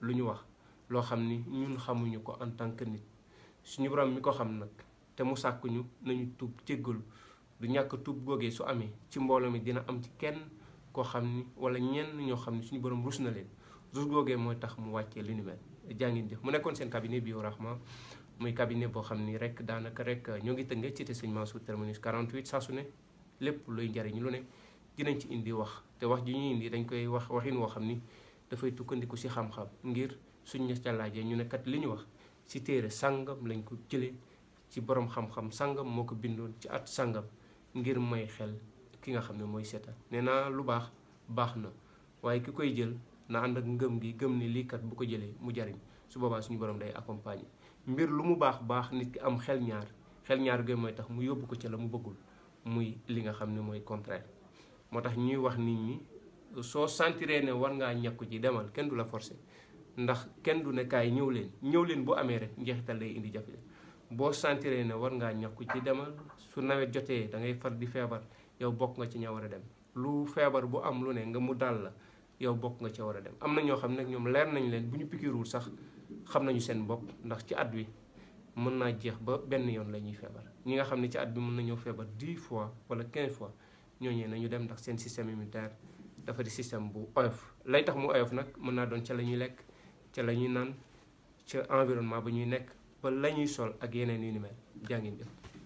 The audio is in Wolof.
lu ñu wax loo xam ni ñun xamuñu ko en tant que nit suñu borom mi ko xam nag te mu sàkk ñu nañu tuub jéggalu du ñàkk tuub googee su amee ci mbooloo mi dina am ci kenn koo xam ni wala ñenn ñoo xam ni suñu borom rus na leen rus googee mooy tax mu wàccee lu ni mel jàngin jëf mu nekkoon seen cabinet Bio Rahma muy cabinet boo xam ni rek daanaka rek ñoo ngi tënkee cité Sëñ Mansour terminus 48 saa su ne lépp luy njariñ lu ne dinañ ci indi wax te wax ji ñuy indi dañ koy wax waxin woo xam ni. dafay tukkandiku ci xam-xam ngir suñ ña ca ñu nekkat li ñu wax ci téere sàngam lañ ko jële ci borom xam-xam sàngam moo ko bindoon ci at sàngam ngir may xel ki nga xam ne mooy seetaan nee naa lu baax baax na waaye ki koy jël na ànd ak ngëm gi gëm ni lii kat bu ko jëlee mu jariñ su boobaa suñu borom day accompagner mbir lu mu baax baax nit ki am xel ñaar xel ñaar gay tax mu yóbbu ko ca la mu bëggul muy li nga xam ne mooy contraire moo tax soo sentiree ne war ngaa ñàkku ji demal kenn du la forcer ndax kenn du ne kaay ñëw leen ñëw leen bu amee rek njeexital lay indi jafe boo sentiree ne war ngaa ñàkku ji demal su nawet jotee da ngay far di feebar yow bokk nga ci ña war a dem lu feebar bu am lu ne nga mu dal la yow bokk nga ci war a dem am na ñoo xam ne nag ñoom leer nañ leen bu ñu pikiruwul sax xam nañu seen bopp ndax ci at wi mën naa jeex ba benn yoon la ñuy feebar ñi nga xam ne ci at bi mën na ñëw feebar dix fois wala quinze fois ñooñee nañu dem ndax seen système immunitaire dafa di système bu oyof lay tax mu oyof nag mën naa doon ca la ñuy lekk ca la ñuy naan ca environnement ba ñuy nekk ba la ñuy sol ak yeneen yu ni mel jàngin jëf